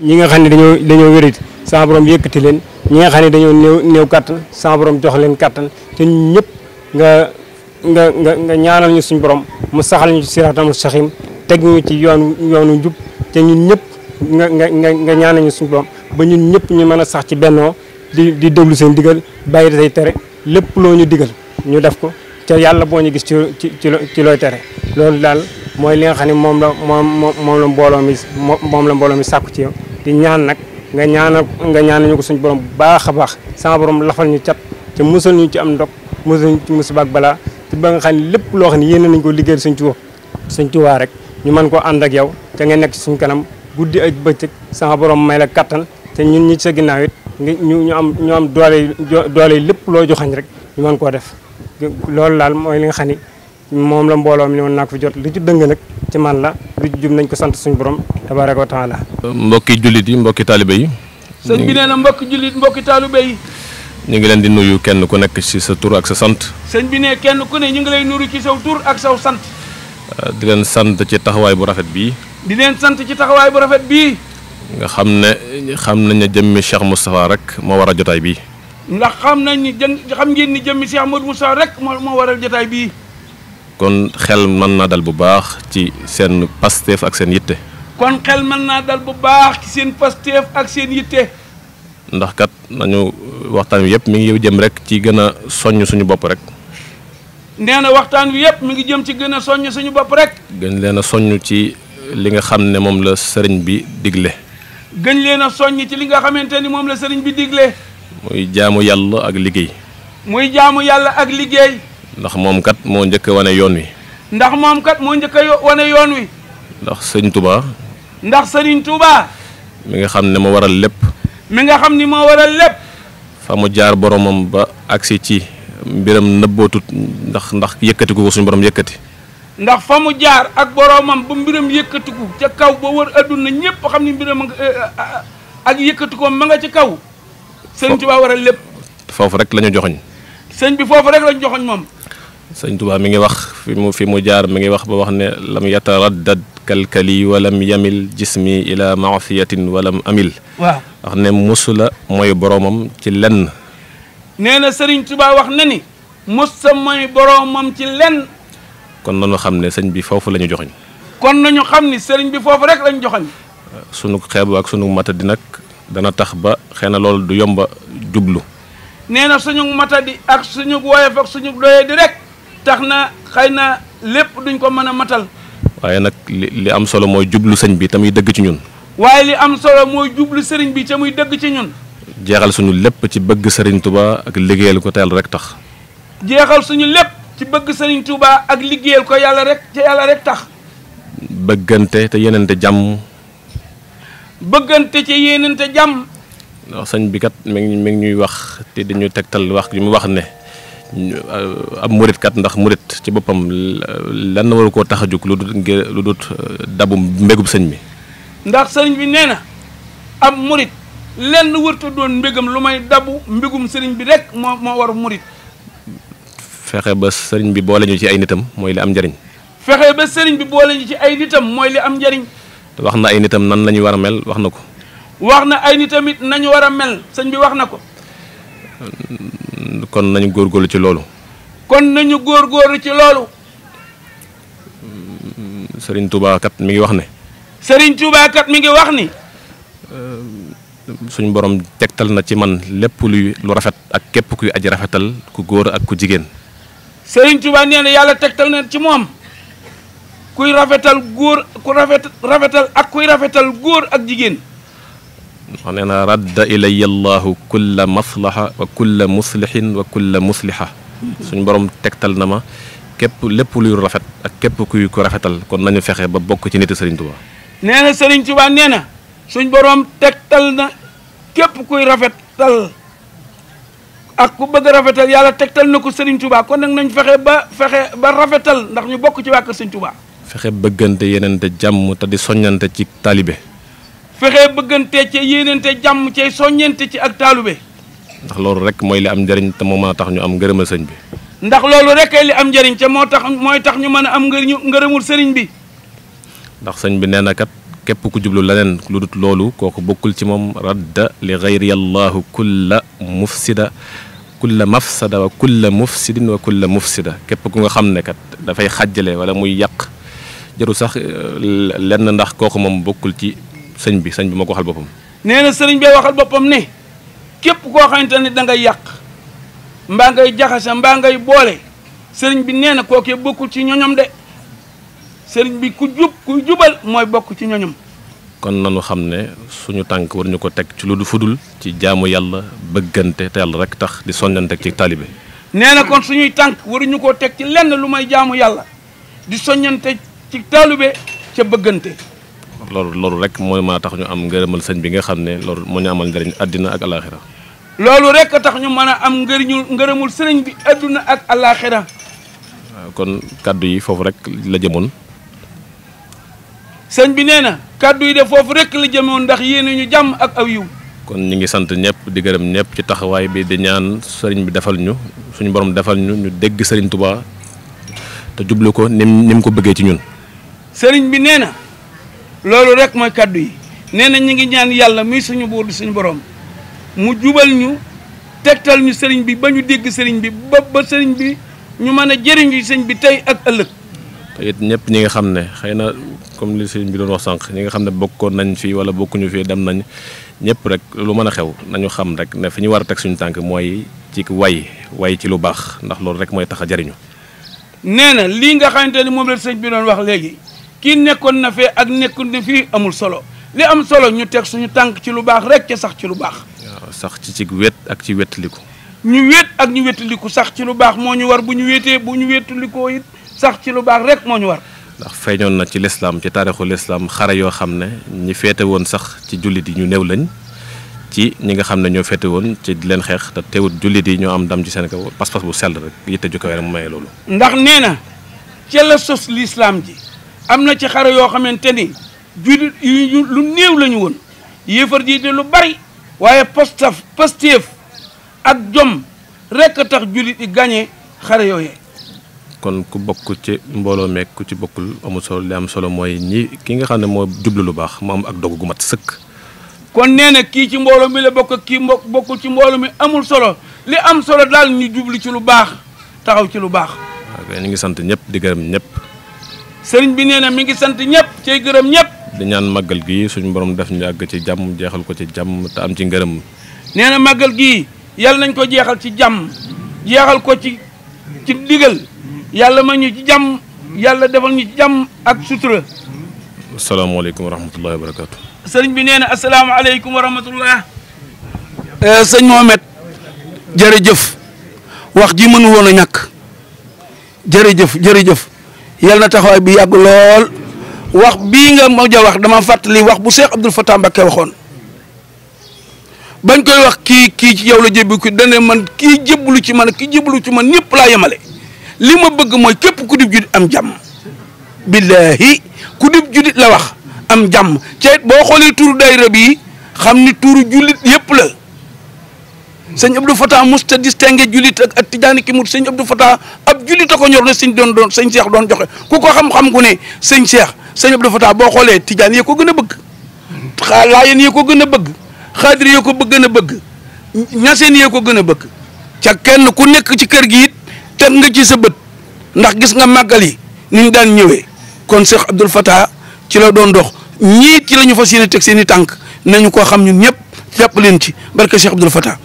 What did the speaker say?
ñi nga xam ne dañoo dañoo wérit sama borom yëkkati leen ñi nga xam ne dañoo néew néew kàttan sama borom jox leen kàttan te ñëpp nga nga nga nga ñaanal ñu suñu borom mu saxal ñu ci siraatal mustaqiim teg ñu ci yoon yoonu njub te ñun ñëpp nga nga nga ñaanal ñu suñu borom ba ñun ñëpp ñu mën a sax ci bennoo di di déglu seen digal bàyyi say tere lépp loo ñu digal ñu def ko te yàlla boo ñu gis ci ci ci looy tere loolu daal mooy li nga xam ne moom la moom moom la mbooloo mi moom la mbooloo mi sàkku ci yow di ñaan nag nga ñaanal nga ñaanal ñu ko suñ borom bu baax a baax sama borom lafal ñu cat te musal ñu ci am ndox musal ñu ci musiba ak balaa te ba nga xam lépp loo xam ne yéene nañ ko liggéeyal suñ Tuubaa suñ Tuubaa rek ñu mën koo ànd ak yow te nga nekk suñ kanam guddi ak bëccëg sama borom may la kattan te ñun ñi sa ginnaaw it ñu ñu am ñu am doole doole lépp loo joxañ rek ñu mën koo def loolu laal mooy li nga xam ni moom la mbooloo mi ne woon ko fi jot li ci dëng nag ci man la lu jub nañ ko sant suñu borom tabaraka wa taala mbokki jullit yi mbokki taalibe yi sëñ bi nee na mbokki jullit mbokki taalibe yi ñu ngi leen di nuyu kenn ku nekk ci sa tur ak sa sant sëñ bi ne kenn ku ne ñu ngi lay nuyu ci saw tur ak saw sant ah, di leen sant ci taxawaay bu rafet bii di leen sant ci taxawaay bu rafet bii nga xam ne xam nañ ne jëmmi Cheikh Moustapha rek moo war a jotaay bii ndax xam nañ ni xam ngeen ni jëmmi Cheikh Modou rek moo moo kon xel mën naa dal bu baax ci seen pasteef ak seen yitte. kon xel mën naa dal bu baax seen pasteef ak seen yitte. ndax kat nañu waxtaan wi yëpp mu ngi jëm rek ci gën a soññ suñu bopp rek. nee na waxtaan wi yëpp mi ngi jëm ci gën a soññ suñu bopp rek. gën leen a soññ ci li nga xam ne moom la sëriñ bi digle. gën leen a soññ ci li nga xamante ni moom la sëriñ bi digle. muy jaamu yàlla ak liggéey. muy jaamu yàlla ak liggéey. ndax moom kat moo njëkk wane yoon wi. ndax moom moo njëkk a wane yoon wi. ndax sëñ Touba. ndax sëriñ Touba. mi nga xam ne moo waral lépp. mi nga xam ni moo waral lépp. fa mu jaar boromam ba agsi ci mbiram nëbbootut ndax ndax yëkkati ko suñu borom yëkkati. ndax fa mu jaar ak boromam ba mbiram yëkkatiku ca kaw ba wër adduna ñëpp xam ni mbiram ak yëkkatikoom ma nga ci kaw. sëriñ Touba waral lépp. foofu rek lañu ñu joxoñ. sëñ bi foofu rek la joxoñ moom. sëñ tubaa mi ngi wax fi mu fi mu jaar mi ngi wax ba wax ne lam yataraddad kalkali walam yamil jismi ila maafiyatin walam amil waaw wax ne la mooy boroomam ci lenn nee na sëriñ Tuubaa wax na ni mosa mooy boroomam ci lenn kon nañu xam ne sëñ bi foofu la ñu joxoñ kon nañu xam ni sëriñ bi foofu rek la ñu joxoñ sunu xeebu ak sunu matadi nag dana tax ba xëy na loolu du yomba jublu nee na suñu matadi ak suñu woyof ak suñu doye rek tax na xay na lépp duñ ko mën a matal. waaye nag li am solo mooy jublu sëñ bi tamuy dëgg ci ñun. waaye li am solo mooy jublu sëriñ bi ca muy dëgg ci ñun. jeexal suñu lépp ci bëgg sëriñtu ba ak liggéeyal ko te yàlla rek tax. jeexal suñu lépp ci bëgg sëriñ Touba ak liggéeyal ko yàlla rek ca yàlla rek tax. bëggante te yenente jàmm. bëggante ca yenente jàmm. ndax sëñ bi kat mi ngi mi ngi ñuy wax te dañuy tegtal wax li mu wax ne. ab murit kat ndax murit ci boppam lan waru koo tax a jóg lu dut lu dut euh, dabu mbégub sëñ bi. ndax sëriñ bi nee na ab murit lenn wërta doon mbégam lu may dabu mbégum sëriñ bi rek moo moo war murit. fexe ba sëriñ bi boole ñu ci ay nitam mooy li am njariñ. fexe ba sëriñ bi boole ñu ci ay nitam mooy li am njariñ. wax na ay nitam nan lañuy war a mel wax na ko. wax na ay nitamit nañu war a mel sëñ bi wax na ko. Euh, kon nañu góorgóorlu ci loolu. kon nañu góor góorgóorlu ci loolu. sëriñ Touba kat mi ngi wax ne. Serigne Touba kat mi ngi wax ni. suñu borom tegtal na ci man lépp luy lu rafet ak képp kuy aj rafetal ku góor ak ku jigéen. Serigne Touba nee na yàlla tegtal na ci moom kuy rafetal góor ku rafet rafetal ak kuy rafetal góor ak jigéen. ndax nee na radda ilaya allahu kulla maslaha wa kulla muslihin wa kulla musliha suñ borom tegtal na ma képp lépp luy rafet ak képp kuy ko rafetal kon nañu fexe ba bokk ci niti Serigne Touba. nee na Serigne tubaa nee na suñ borom tegtal na képp kuy rafetal ak ku bëgg a rafetal yàlla tegtal na ko sëriñ tubaa kon nag nañ fexe ba fexe ba rafetal ndax ñu bokk ci waa kër tubaa fexe bëggante yeneen te jàmm te di soññante ci taalibe. fexe bëggante ci yéenante jàmm ci soññente ci ak taalube ndax loolu rek mooy li am njëriñ te moo mën a tax ñu am ngërëmal sëñ bi ndax rek li am njëriñ te moo tax mooy tax ñu mën a am ngërñu ngërëmul sëriñ bi ndax sëñ bi nee na képp ku jublu leneen lu dut loolu kooku bokkul ci moom radda li gayri allahu kulla mufsida kulla mafsada wa kulla mufsidin wa kulla mufsida képp ku nga xam ne kat dafay xàjjale wala muy yàq jaru sax euh, lenn ndax kooku moom bokkul ci sëñ bi sëñ bi moo ko waxal boppam. nee na sëriñ bee waxal boppam ne képp koo xamante ne dangay yàq mbaa ngay jaxasa mbaa ngay boole sëriñ bi nee na kookee bokkul ci ñoñom de sëriñ bi ku jub ku jubal mooy bokk ci ñoñom. kon nanu xam ne suñu tànk waruñu ko teg ci lu du fudul ci jaamu yàlla bëggante te yàlla rek tax di soññante ci taalibe. nee na kon suñuy tànk waruñu koo teg ci lenn lu may jaamu yàlla di soññante ci taalibe ca bëggante. loolu loolu rek mooy maa tax ñu am ngërëmal sëñ bi nga xam ne loolu moo ñu amal njëriñ àddina ak alaxira loolu rek a tax ñu mën a am ngëriñu ngërëmul sëriñ bi àdduna ak alaxira waaw kon kàddu yi foofu rek la jëmoon sëñ bi nee na kàddu yi de foofu rek la jëmoon ndax yéene ñu jàmm ak aw kon ñu ngi sant ñëpp di gërëm ñëpp ci taxawaay bi di ñaan sëriñ bi defal ñu suñu borom defal ñu ñu dégg sëriñ Touba te jublu ko ni nim ko bëggee ci ñun sëriñ bi nee loolu rek mooy kàddu yi nee na ñu ngi ñaan yàlla muy suñu buur di suñu borom mu jubal ñu tegtal ñu sëriñ bi ba ñu dégg sëriñ bi ba ba sëriñ bi ñu mën a jëriñu sëriñ bi tey ak ëllëg. te ñëpp ñi nga xam ne xëy na comme li sëriñ bi doon wax sànq ñi nga xam ne bokkoon nañ fii wala bokkuñu fii dem nañ ñëpp rek lu mën a xew nañu xam rek ne fi ñu war a teg suñu tànk mooy ci way way ci lu baax ndax loolu rek mooy tax a jëriñu. nee nga xamante ni moom la bi doon wax léegi. kii nekkoon na fee ak nekkul ne fii amul solo li am solo ñu teg suñu tànk ci lu baax rek ca sax ci lu baax. sax ci ci wet ak ci wetliku. ñu wet ak ñu wetliku sax ci lu baax moo ñu war bu ñu wetee bu ñu wetlikoo it sax ci lu rek moo ñu war. ndax feeñoon na ci lislaam ci taarixu lislaam xare yoo xam ne ñi féete woon sax ci jullit yi ñu néew lañ ci ñi nga xam ne ñoo féete woon ci di leen xeex te teewut jullit yi ñoo am ndam ci seen kaw pas-pas bu sell rek yitte ju kawe rek mu maye loolu. ndax nee na ca lislaam ji. am na ci xare yoo xamante ni jullit yu lu néew lañu woon yéefar ji de lu bari waaye postaf postéef ak jom rekk a tax jullit yi gañe xare yooyee kon ku bokk ci mbooloo meeg ku ci bokkul amul solo li am solo mooy ñi ki nga xam ne moo jublu lu baax mu ak dogg gu mat kon nee na kii ci mbooloo mi la bokk kii mbokk bokkul ci mbooloo mi amul solo li am solo daal ñu jublu ci lu baax taxaw ci lu baax waaw ñu ngi sant ñëpp di gërëm ñëpp sëriñ bi nee na mi ngi sant ñëpp cay gërëm ñëpp. di ñaan màggal gii suñu borom def ñu àgg ci jàmm jeexal ko ci jàmm te am ci ngërëm. nee na màggal gii yàlla nañ ko jeexal ci jàmm jeexal ko ci ci digal yàlla ma ñu ci jàmm yàlla defal ñu ci jàmm ak sutura. asalaamaaleykum wa rahmatullahi wa barakaatu. sëriñ bi nee na asalaamaaleykum wa rahmatullah. Eh, sëñ Mohamed jërëjëf wax ji mënu woon a ñàkk jërëjëf jërëjëf. yal na taxawaay bi yàgg lool wax bii nga mujj ja wax dama fàttali wax bu Cheikh Abdoul Fatah Mbacké waxoon bañ koy wax kii kii ci yow la jébbi ku man kii jébbalu ci man kii jébbalu ci man ñëpp laa yemale li ma bëgg mooy képp ku dib am jàmm billaahi ku dib judit la wax am jàmm ceet boo xoolee tuuru daayira bi xam ni tuuru jullit yépp la sëñ Abdou Fatah musta distingué julit ak ak tijaani ki mut sëñ Abdou Fatah ab julit a ko ñor na sëñ doon doon sëñ Cheikh doon joxe ku ko xam-xam gu ne sëñ Cheikh sëñ Abdou Fatah boo xoolee tijaan yee ko gën a bëgg laayeen yee ko gën a bëgg xaadir yee ko gën a bëgg ñaseen yee ko gën a bëgg ca kenn ku nekk ci kër gi it teg nga ci sa bët ndax gis nga màggal yi ni ñu daan ñëwee kon Cheikh Abdou Fatah ci la doon dox ñii ci la ñu fas yéene teg seen i tànk nañu ko xam ñun ñëpp jàpp leen ci barke Cheikh Abdou Fatah